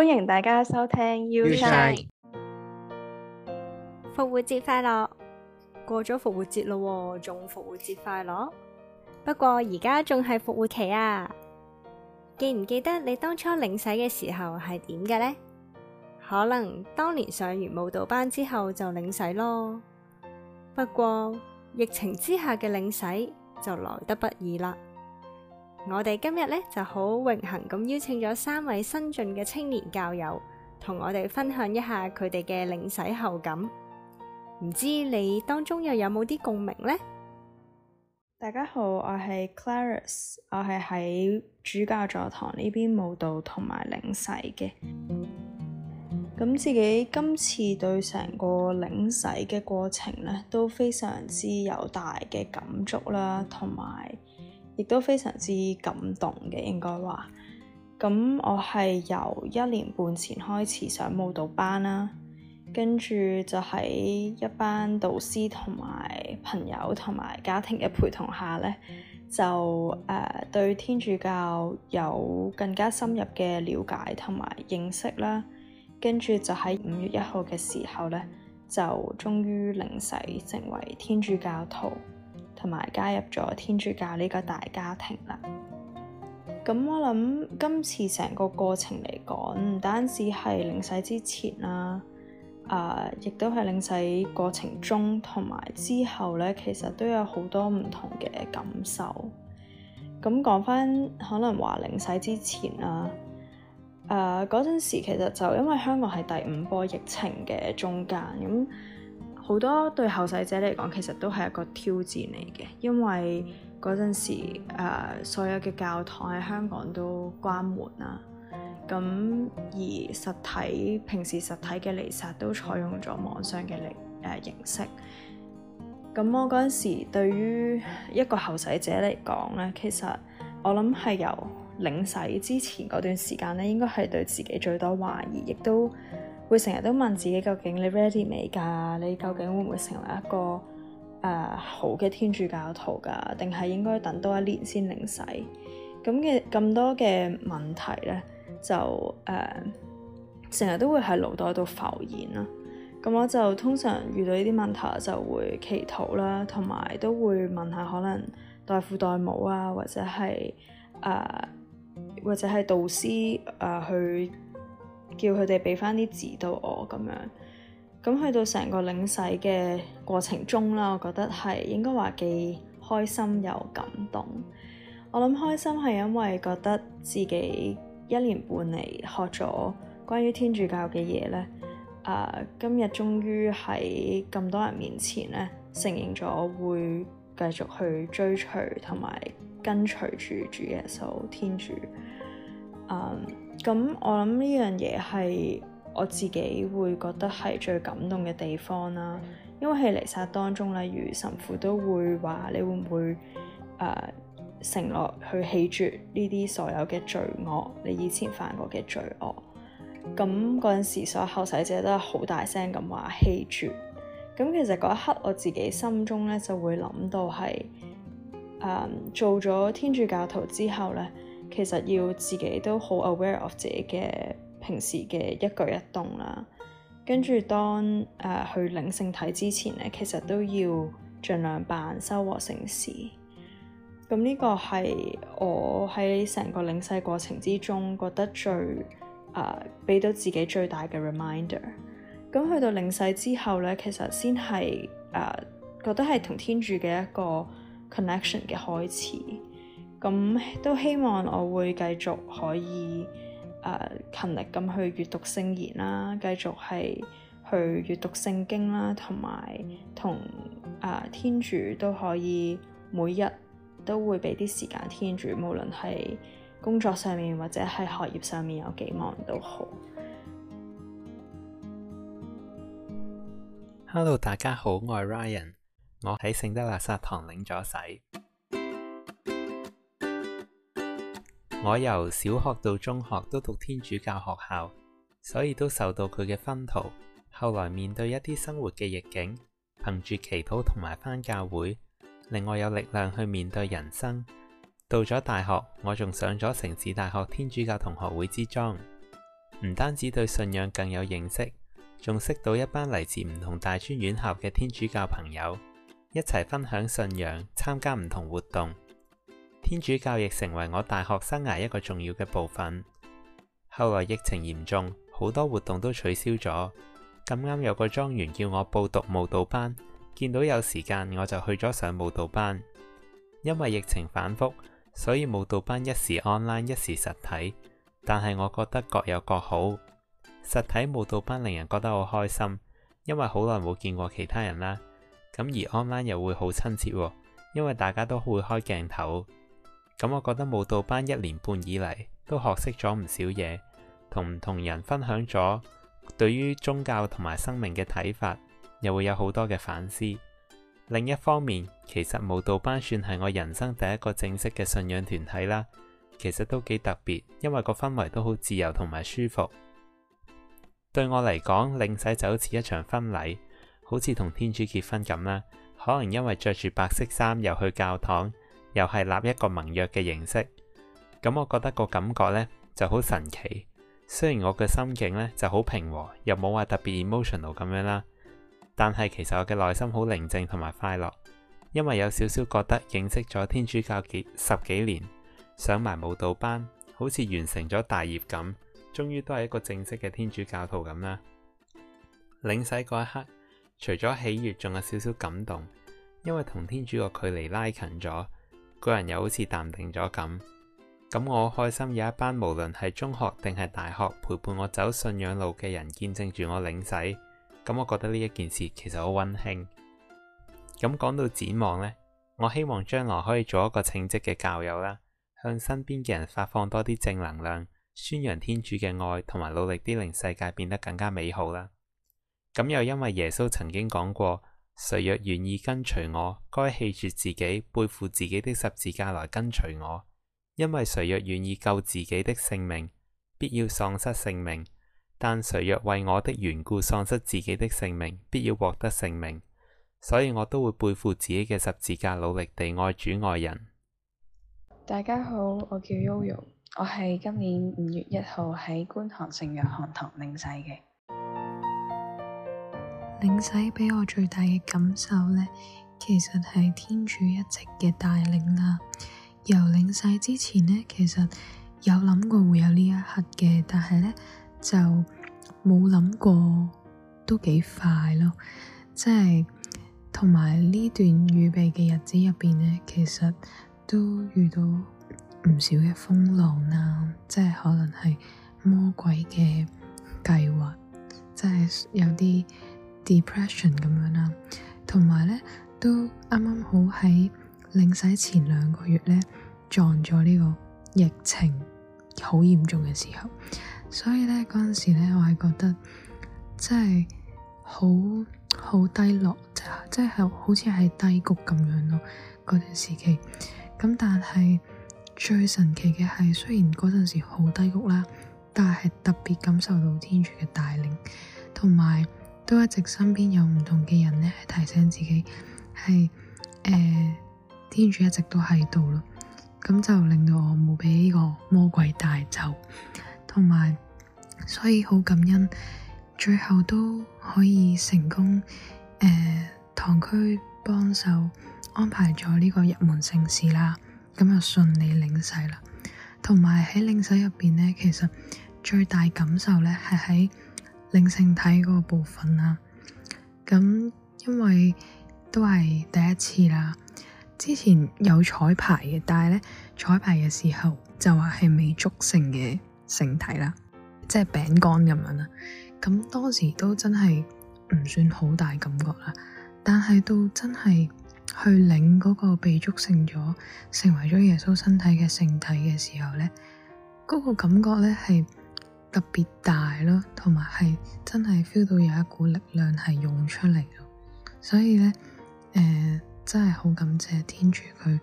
歡迎大家收聽 U Shine，復活節快樂！過咗復活節咯，仲復活節快樂。不過而家仲係復活期啊，記唔記得你當初領洗嘅時候係點嘅呢？可能當年上完舞蹈班之後就領洗咯。不過疫情之下嘅領洗就來得不易啦。我哋今日咧就好榮幸咁邀請咗三位新晉嘅青年教友，同我哋分享一下佢哋嘅領洗後感。唔知你當中又有冇啲共鳴呢？大家好，我係 Claris，我係喺主教座堂呢邊慕道同埋領洗嘅。咁自己今次對成個領洗嘅過程咧都非常之有大嘅感觸啦，同埋。亦都非常之感動嘅，應該話咁。我係由一年半前開始上舞蹈班啦，跟住就喺一班導師同埋朋友同埋家庭嘅陪同下呢，就誒、uh, 對天主教有更加深入嘅了解同埋認識啦。跟住就喺五月一號嘅時候呢，就終於領洗成為天主教徒。同埋加入咗天主教呢個大家庭啦。咁我諗今次成個過程嚟講，唔單止係領洗之前啦，啊，啊，亦都係領洗過程中同埋之後咧，其實都有好多唔同嘅感受。咁講翻可能話領洗之前啦，啊，啊，嗰陣時其實就因為香港係第五波疫情嘅中間咁。好多對後世者嚟講，其實都係一個挑戰嚟嘅，因為嗰陣時、呃、所有嘅教堂喺香港都關門啦。咁而實體平時實體嘅彌撒都採用咗網上嘅呃形式。咁我嗰陣時對於一個後世者嚟講咧，其實我諗係由領洗之前嗰段時間咧，應該係對自己最多懷疑，亦都。會成日都問自己究竟你 ready 未㗎？你究竟會唔會成為一個誒、呃、好嘅天主教徒㗎？定係應該等多一年先領洗？咁嘅咁多嘅問題咧，就誒成日都會喺腦袋度浮現啦。咁我就通常遇到呢啲問題就會祈禱啦，同埋都會問下可能代父代母啊，或者係誒、呃、或者係導師誒、呃、去。叫佢哋俾翻啲字到我咁樣，咁去到成個領洗嘅過程中啦，我覺得係應該話既開心又感動。我諗開心係因為覺得自己一年半嚟學咗關於天主教嘅嘢咧，啊、呃，今日終於喺咁多人面前咧承認咗會繼續去追隨同埋跟隨住主耶穌天主，嗯。咁我諗呢樣嘢係我自己會覺得係最感動嘅地方啦，因為喺彌撒當中，例如神父都會話你會唔會誒、呃、承諾去棄絕呢啲所有嘅罪惡，你以前犯過嘅罪惡。咁嗰陣時，所有受洗者都係好大聲咁話棄絕。咁其實嗰一刻，我自己心中咧就會諗到係誒、呃、做咗天主教徒之後咧。其實要自己都好 aware of 自己嘅平時嘅一舉一動啦，跟住當誒、呃、去領聖體之前咧，其實都要盡量辦修和聖事。咁呢個係我喺成個領洗過程之中覺得最誒俾、呃、到自己最大嘅 reminder。咁去到領洗之後咧，其實先係誒、呃、覺得係同天主嘅一個 connection 嘅開始。咁都希望我會繼續可以誒呃、勤力咁去閱讀聖言啦，繼續係去閱讀聖經啦，同埋同誒天主都可以每日都會俾啲時間天主，無論係工作上面或者係學業上面有幾忙都好。Hello，大家好，我係 Ryan，我喺聖德肋撒堂領咗洗。我由小學到中學都讀天主教學校，所以都受到佢嘅熏陶。後來面對一啲生活嘅逆境，憑住祈禱同埋返教會，令我有力量去面對人生。到咗大學，我仲上咗城市大學天主教同學會之莊，唔單止對信仰更有認識，仲識到一班嚟自唔同大專院校嘅天主教朋友，一齊分享信仰，參加唔同活動。天主教亦成為我大學生涯一個重要嘅部分。後來疫情嚴重，好多活動都取消咗。咁啱有個莊園叫我報讀舞蹈班，見到有時間我就去咗上舞蹈班。因為疫情反復，所以舞蹈班一時 online，一時實體，但係我覺得各有各好。實體舞蹈班令人覺得好開心，因為好耐冇見過其他人啦。咁而 online 又會好親切，因為大家都會開鏡頭。咁我覺得慕道班一年半以嚟都學識咗唔少嘢，同唔同人分享咗對於宗教同埋生命嘅睇法，又會有好多嘅反思。另一方面，其實慕道班算係我人生第一個正式嘅信仰團體啦，其實都幾特別，因為個氛圍都好自由同埋舒服。對我嚟講，領洗，就好似一場婚禮，好似同天主結婚咁啦。可能因為着住白色衫又去教堂。又係立一個盟約嘅形式，咁我覺得個感覺呢就好神奇。雖然我嘅心境呢就好平和，又冇話特別 emotional 咁樣啦，但係其實我嘅內心好寧靜同埋快樂，因為有少少覺得認識咗天主教幾十幾年，上埋舞蹈班，好似完成咗大業咁，終於都係一個正式嘅天主教徒咁啦。領洗嗰一刻，除咗喜悅，仲有少少感動，因為同天主個距離拉近咗。個人又好似淡定咗咁，咁我好開心有一班無論係中學定係大學陪伴我走信仰路嘅人見證住我領洗，咁我覺得呢一件事其實好溫馨。咁講到展望呢，我希望將來可以做一個稱職嘅教友啦，向身邊嘅人發放多啲正能量，宣揚天主嘅愛同埋努力啲令世界變得更加美好啦。咁又因為耶穌曾經講過。誰若願意跟隨我，該棄絕自己，背負自己的十字架來跟隨我，因為誰若願意救自己的性命，必要喪失性命；但誰若為我的緣故喪失自己的性命，必要獲得性命。所以我都會背負自己嘅十字架，努力地愛主愛人。大家好，我叫悠悠，我係今年五月一號喺觀塘聖約翰堂領洗嘅。領洗畀我最大嘅感受咧，其實係天主一直嘅帶領啦。由領洗之前咧，其實有諗過會有呢一刻嘅，但係咧就冇諗過都幾快咯。即係同埋呢段預備嘅日子入邊咧，其實都遇到唔少嘅風浪啊，即係可能係魔鬼嘅計劃，即係有啲。depression 咁樣啦，同埋咧都啱啱好喺領洗前兩個月咧撞咗呢個疫情好嚴重嘅時候，所以咧嗰陣時咧我係覺得真係好好低落，即係好似係低谷咁樣咯，嗰段時期。咁但係最神奇嘅係，雖然嗰陣時好低谷啦，但係特別感受到天主嘅帶領同埋。都一直身邊有唔同嘅人呢，係提醒自己係誒、呃，天主一直都喺度咯，咁就令到我冇俾呢個魔鬼帶走，同埋所以好感恩，最後都可以成功誒、呃，堂區幫手安排咗呢個入門聖事啦，咁就順利領洗啦，同埋喺領洗入邊呢，其實最大感受咧係喺。領聖體嗰部分啦，咁因為都係第一次啦，之前有彩排嘅，但係咧彩排嘅時候就話係未祝聖嘅聖體啦，即係餅乾咁樣啦，咁當時都真係唔算好大感覺啦，但係到真係去領嗰個被祝聖咗，成為咗耶穌身體嘅聖體嘅時候咧，嗰、那個感覺咧係。特別大咯，同埋係真係 feel 到有一股力量係湧出嚟咯，所以咧，誒、呃、真係好感謝天主，佢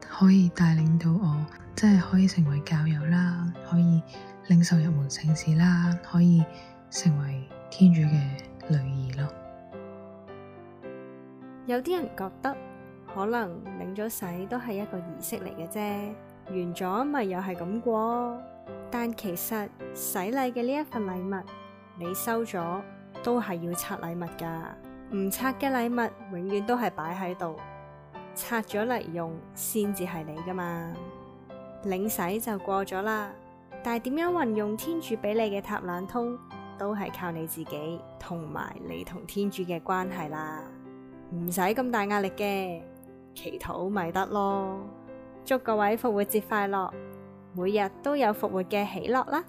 可以帶領到我，真係可以成為教友啦，可以領受入門聖事，啦，可以成為天主嘅女兒咯。有啲人覺得可能領咗洗都係一個儀式嚟嘅啫，完咗咪又係咁過。但其實洗禮嘅呢一份禮物，你收咗都係要拆禮物噶，唔拆嘅禮物永遠都係擺喺度，拆咗嚟，用先至係你噶嘛。領洗就過咗啦，但係點樣運用天主俾你嘅塔冷通，都係靠你自己同埋你同天主嘅關係啦，唔使咁大壓力嘅，祈禱咪得咯。祝各位復活節快樂。每日都有復活嘅喜樂啦！